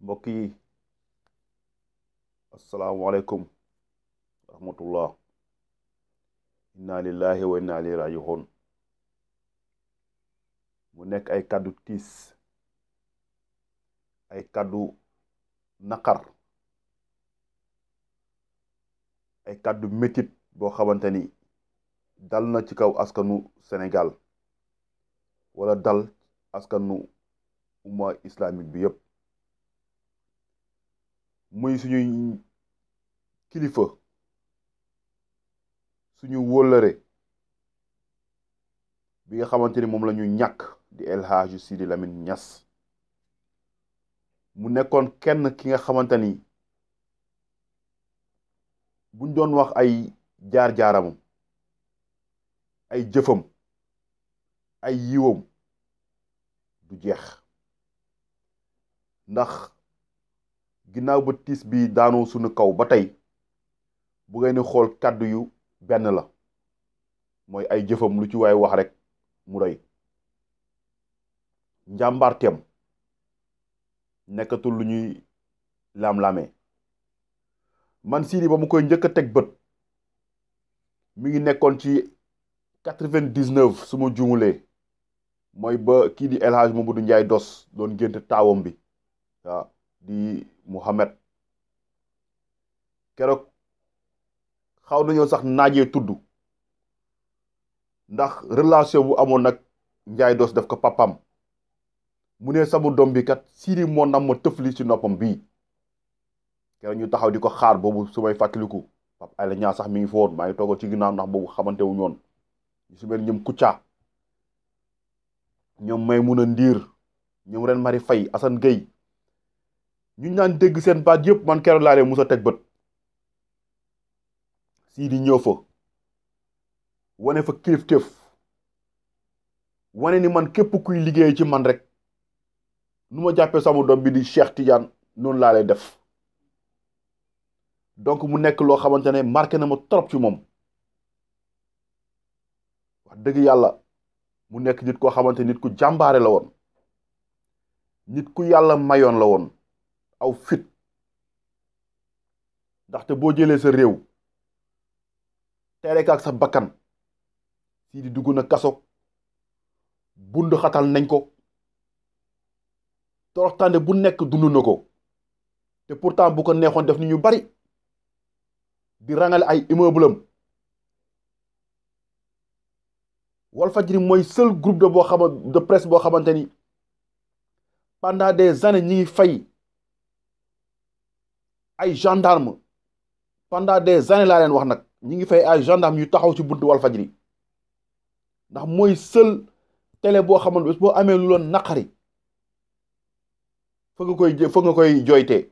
mbokk yi asalaamualeykum wa rahmatullah inna lillahi wa inna ilayhi raji'un mu nekk ay kàddu tiis ay kaddu naqar ay kàddu métit boo xamante ni dal na ci kaw askanu Sénégal wala dal askanu umma islamique bi yëpp muy suñuy kilifa suñu wóllëre bi nga xamante ni moom la ñu ñàkk di El Hadji Sidi Lamine Niass mu nekkoon kenn ki nga xamante ni buñ doon wax ay jaar-jaaram ay jëfam ay yiwam du jeex ndax ginnaaw ba tiis bi daanoo suñu kaw ba tey bu ngeen xool kàddu yu benn la mooy ay jëfam lu ci waay wax rek mu doy njàmbaarteem nekkatul lu ñuy laam-laamee man Sidy ba mu koy njëkk a teg bët mu ngi nekkoon ci quatre-vingt-dix-neuf su ma mooy ba kii di El Hadj du njaay dos doon gént taawam bi waaw di Muhammad keroog xaw nañoo sax naajee tudd ndax relation bu amoon nag Njaay Doos def ko papam mu ne sama doom bi kat moo nam ma tëfli ci noppam bii keroog ñu taxaw di ko xaar boobu su may fàttaliku Pape Alé Niang sax mi ngi fa woon maa ngi toogal ci ginnaaw ndax boobu xamante wu ñoon ñu si mel ñoom may mun a Ndiir ñoom Reine Marie fay Assane Gueye ñu naan dégg seen baat yëpp man keroog laa musa teg bët sii di ñëw fa wane fa kilifteef wane ni man képp kuy liggéey ci man rek nu ma jàppee sama doom bi di Cheikh Tidiane noonu laa lay def donc mu nekk loo xamante ne marqué na ma trop ci moom wax dëgg yàlla mu nekk nit koo xamante nit ku jàmbaare la woon nit ku yàlla mayoon la woon aw fit ndaxte boo jëlee sa réew tere ak sa bakkan sii di dugg na kaso bund xatal nañ ko toroxtande bu nekk dund na ko te pourtant bu ko neexoon def ni ñu bari di rangale ay immeuble am Walfadjri mooy seul groupe de boo xama de presse xamante ni pendant des années ñi fay ay gendarme pendant de années laa leen wax nag ñi ngi fay ay gendarme yu taxaw ci buntu Walfadjri ndax mooy seul télé boo xamoon bés boo amee lu loon naqari fa nga koy fa nga koy jooytee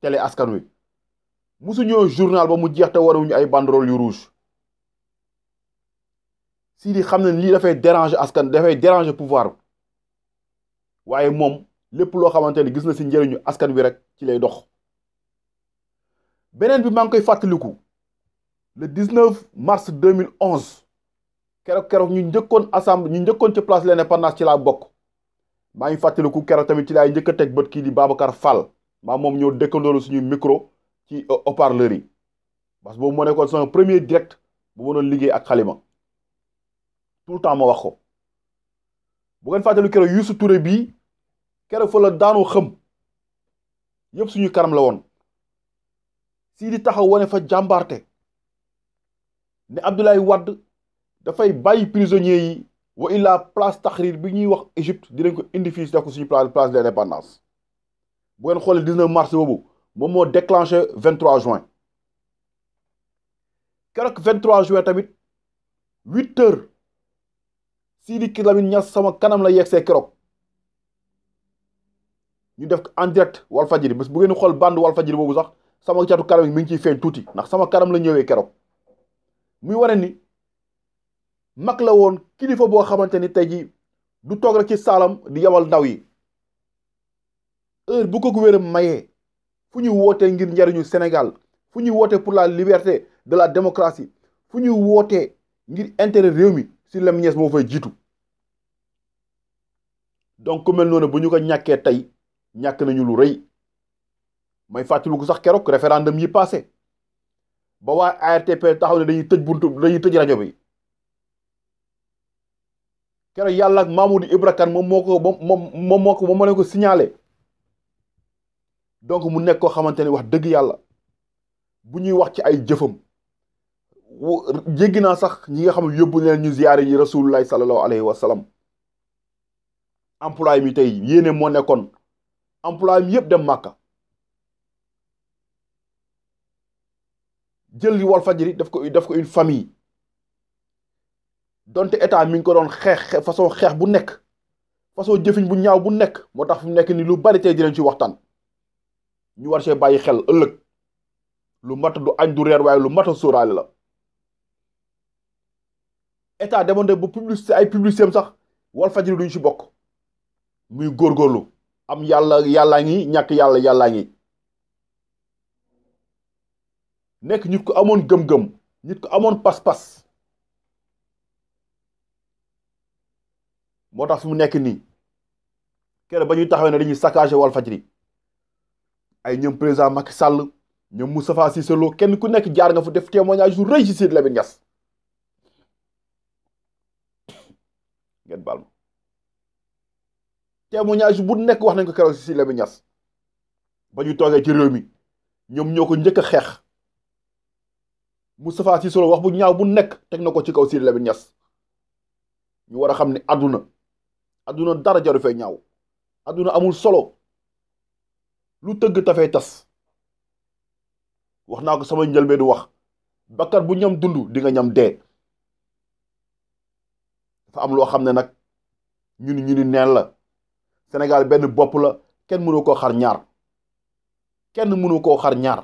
télé askan wi musuñoo journal ba mu jeex te waruñu ay banderole yu rouge si di xam ne lii dafay déranger askan dafay déranger pouvoir waaye moom lépp loo xamante ne gis na si njëriñu askan wi rek ci lay dox beneen bi maa ngi koy fàttaliku le 19 mars 2011 keroog keroog ñu njëkkoon assemblée ñu njëkkoon ci place l'Indépendance ci laa bokk maa ngi fàttaliku keroog tamit ci laay njëkk a teg bët kii di Babacar Fall maa moom ñoo dëkkandoolu suñuy micro ci euh, haut-parleur yi parce que boobu moo nekkoon sama premier direct bu ma liggéey ak xalima tout le temps ma wax ko bu ngeen fàttaliku keroog yu Touré bii keroog fa la daanu xëm yëpp suñu karam la woon. di taxaw wane fa jàmbarte ne Abdoulaye wadd dafay bàyyi prisonniers yi wa illaa place Tahrir bi ñuy wax Égypte dinañ ko indi fii def ko suñu place place de l'indépendance bu ngeen xoolee 19 mars boobu moom moo déclenché 23 juin keroog 23 juin tamit 8 heures Sidi Lamine Niass sama kanam la yegsee keroog ñu def en direct Walfadjri bés bu ngeen xool bande Walfadjri boobu sax. sama catu karam yi mi ngi ciy feeñ tuuti ndax sama karam la ñëwee keroog muy wane ni mag la woon kilifa boo xamante ni tey ji du toog rek ci saalam di yabal ndaw yi heure bu ko wéram mayee fu ñuy wootee ngir njariñu Sénégal fu ñuy wootee pour la liberté de la démocratie fu ñuy wootee ngir intere réew mi si lem moo fay jiitu donc ku mel noonu bu ñu ko ñàkkee tey ñàkk nañu lu rëy may fàttaliku sax keroog référendum yi passé ba waa ARTP taxaw ne dañuy tëj buntu dañuy tëj rajo bi keroog yàlla ak Mamoudou Ibra Kane moom moo ko moom moom moo ko moom moo ko signalé donc mu nekk koo xamante ni wax dëgg yàlla bu ñuy wax ci ay jëfam jéggi naa sax ñi nga xam ne yóbbu leen ñu ziyaare yi rasulullahi sallallahu alayhi wa sallam emploi tey yéene moo nekkoon emploi mi yëpp dem màkka jël li Walfadjri daf ko daf ko une famille donte état mi ngi ko doon xeex façon xeex bu nekk façon jëfiñ bu ñaaw bu nekk moo tax fu nekk nii lu bari tey dinañ ci waxtaan ñu war see bàyyi xel ëllëg lu mat du añ du reer waaye lu mat a sóoraale la état demoon de bu publicité ay publicité am sax Walfadjri duñ ci bokk muy góorgóorlu am yàlla yàllaa ngi ñàkk yàlla yàllaa ngi nekk nit ko amoon gëm-gëm nit ko amoon pas-pas moo tax fi mu nekk nii keroog ba ñuy taxawee ne dañuy saccagé Walfadjri ay ñoom président Macky Sall ñoom Moustapha Cissé Lo kenn ku nekk jaar nga fa def témoignage su rëy ci Sidy Lamine Niass ngeen baal ma témoignage bu nekk wax nañ ko keroog ci Sidy Lamine Niass ba ñu toogee ci réew mi ñoom ñoo ko njëkk a xeex Moustapha Cissé solo wax bu ñaaw bu nekk teg na ko ci kaw Sidy Lamine Niass ñu war a xam ne àdduna àdduna dara jaru fee ñaaw àdduna amul solo lu tëgg tafee tas wax naa ko sama njëlbeen du wax bakkat bu ñam dund di ñam dee dafa am loo xam ne nag ñu ni ñu ni neen la Sénégal benn bopp la kenn mënu koo xar ñaar kenn mënu koo xar ñaar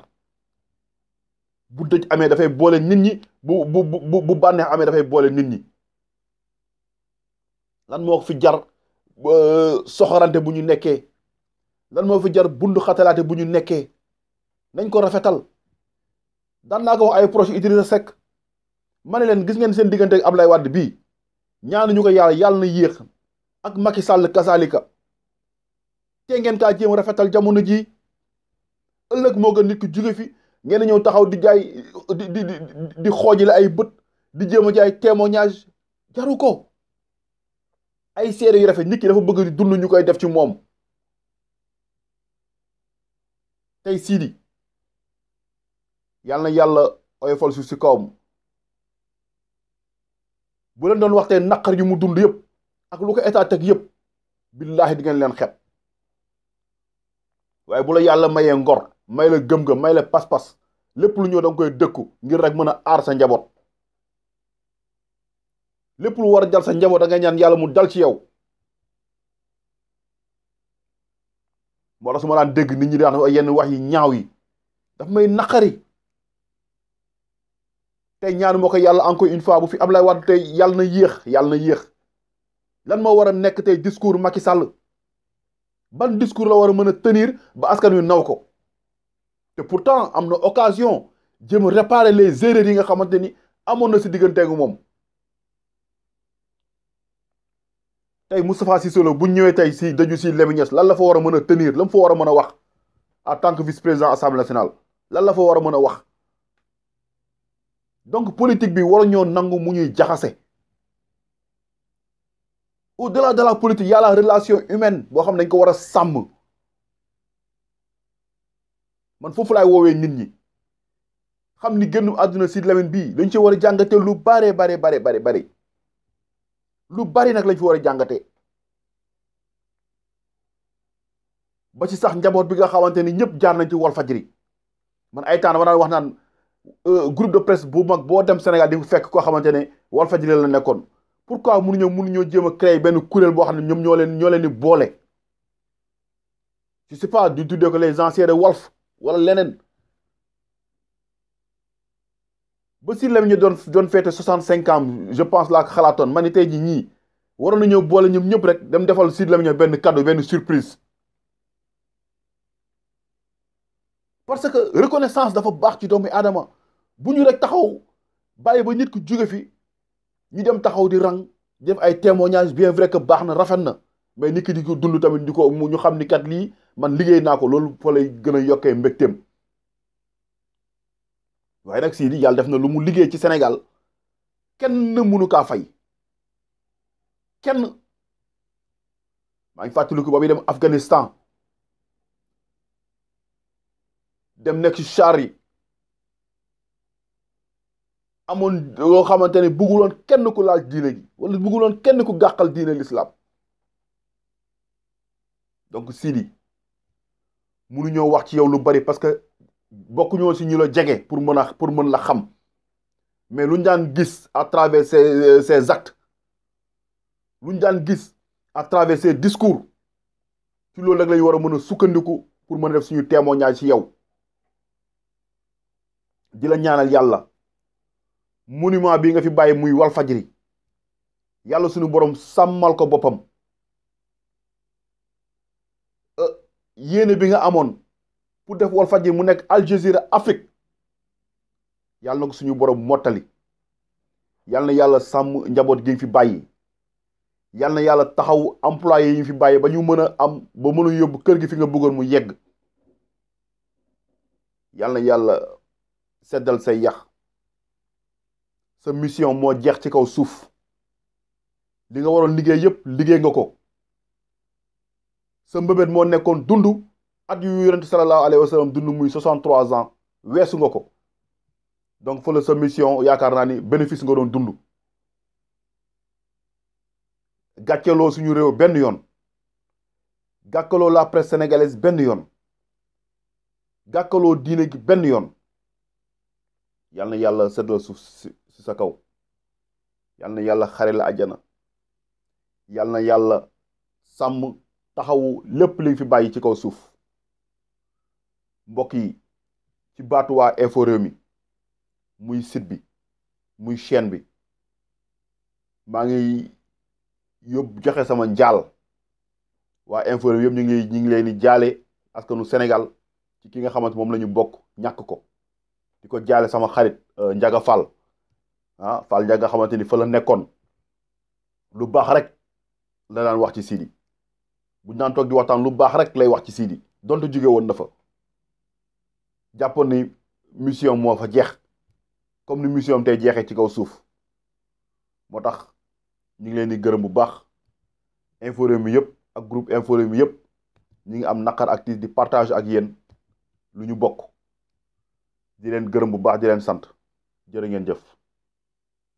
bu dëj amee dafay boole nit ñi bu bu bu bu bànneex amee dafay boole nit ñi lan moo fi jar soxorante bu ñu nekkee lan moo fi jar bundu xatalaate bu ñu nekkee nañ ko rafetal daan naa ko wax ay proche Idrissa Seck ma ne leen gis ngeen seen diggante ak Ablaye Wade bii ñaanuñu ko yàlla yàlla na yéex ak Macky Sall kasaalika te ngeen kaa jéem rafetal jamono ji ëllëg moo gën nit ku jóge fi ngeen ñëw taxaw di jaay di di di xoojale ay bët di jéem a jaay témoignage jaru ko ay seede yu rafet nit ki dafa bëgg di dund ñu koy def ci moom tey Sidi yàlla na yàlla oyofal suuf si kawam bu leen doon waxtee naqar yu mu dund yëpp ak lu ko état teg yëpp billaahi di ngeen leen xet waaye bu la yàlla mayee ngor may la gëm-gëm may la pas-pas lépp lu ñëw da koy dëkku ngir rek mën a aar sa njaboot lépp lu war a dal sa njaboot dangay ñaan yàlla mu dal ci yow moo tax su ma daan dégg nit ñi daan yenn wax yi ñaaw yi daf may naqari tey ñaanu moo ko yàlla encore une fois bu fi Ablaye Wade tey yàlla na yéex yàlla na yéex lan moo war a nekk tey discours Macky sàll ban discours la war a mën a tenir ba askan wi naw ko te pourtant am na occasion jëm réparer les erreurs yi nga xamante ni amoon na si digganteegu moom tey Moustapha Cissé solo bu ñëwee tey si daju si Lamine Niass lan la fa war a mën a tenir lam fa war a mën a wax en tant que vice-président assemblée nationale lan la fa war a mën a wax donc politique bi waru ñoo nangu mu ñuy jaxase au-delà de la politique yàlla relation humaine boo xam ne dañ ko war a sàmm. man foofu laay woowee nit ñi xam ni génn àdduna si Lamine bii dañ ci war a jàngatee lu bare bare bare bare bare lu bari nag lañ fi war a jàngate ba ci sax njaboot bi nga xamante ni ñëpp jaar nañ ci Walfadjri man ay temps dama daan wax naan euh, groupe de presse bu mag boo dem Sénégal di fekk koo xamante ne Walfadjri la nekkoon pour pourquoi mënuñoo mënuñoo jéem a créer benn kuréel boo xam ne ñoom ñoo leen ñoo leen di boole je sais pas du tuddee ko les anciens de Walf wala leneen ba si lem ñu doon doon féete soixante cinq ans je pense laa xalaatoon ma ni tey jii ñii waroon na ñëw boole ñoom ñëpp rek dem defal si lem ñu benn cadeau benn surprise parce que reconnaissance dafa baax ci doomu aadama bu ñu rek taxaw bàyyi ba nit ku jóge fi ñu dem taxaw di rang def ay témoignages bien vrai que baax na rafet na mais nit ki di ko dund tamit di ko mu ñu xam ni kat lii man liggéey naa ko loolu fa lay gën a yokkee mbégteem waaye nag Sidi yàlla def na lu mu liggéey ci senegal kenn mënu kaa fay kenn maa ngi fàttaliku ba muy dem Afghanistan dem nekk ci char yi amoon loo xamante ne bëgguloon kenn ku laaj diine gi wala bëgguloon kenn ku gàqal diine l'islam donc Sidi mënuñoo wax ci yow lu bari parce que bokkuñoo si ñu la jege pour mën a pour mën la xam mais luñ daan gis à travers ses ses actes luñ daan gis à travers ses discours ci loolu rek la war a mën a sukkandiku pour mën a def teemoo témoignage ci yow di la ñaanal yàlla monument bi nga fi bàyyi muy Walfadjri yàlla suñu borom sàmmal ko boppam. yéene bi nga amoon pour def Walfadjri mu nekk Al Jazeera Afrique yàlla na ko suñu borom mottali yàlla na yàlla sàmm njaboot gi fi bàyyi yàlla na yàlla taxaw employé yi fi bàyyi ba ñu mën a am ba mën a yóbbu kër gi fi nga bëggoon mu yegg yàlla na yàlla seddal say yax sa mission moo jeex ci kaw suuf li nga waroon liggéey yëpp liggéey nga ko sa mbëbët moo nekkoon dund at yu yonent sallallahu alayhi wa sallam dund muy 63 ans weesu nga ko donc fa la sa mission yaakaar naa ni bénéfice nga doon dund gàcceloo suñu réew benn yoon gàkkaloo la presse sénégalaise benn yoon gàkkaloo diine benn yoon yal na yàlla seddal suuf si sa kaw yal yàlla xare la àjjana yal na yàlla sàmm taxawu lépp li fi bàyyi ci kaw suuf mbokk yi ci baatu waa Infos Rewmi muy site bi muy chaîne bi maa ngi yóbbu joxe sama njaal waa Infos Rewmi yëpp ñu ngi ñu ngi leen di jaale askanu Sénégal ci ki nga xamante moom lañu ñu bokk ñàkk ko di ko jaale sama xarit euh, Ndiaga Fall ah Fall Ndiaga xamante ni fa la nekkoon lu baax rek la daan wax ci Sidi bu daan toog di waxtaan lu baax rek lay wax ci Sidi donte jóge woon na fa jàppoon ni mission moo fa jeex comme ni mission am tey jeexee ci kaw suuf moo tax ñu ngi leen di gërëm bu baax Infos Rewmi yëpp ak groupe Infos Rewmi yëpp ñu ngi am naqar ak di partage ak yéen lu ñu bokk di leen gërëm bu baax di leen sant jërë ngeen jëf.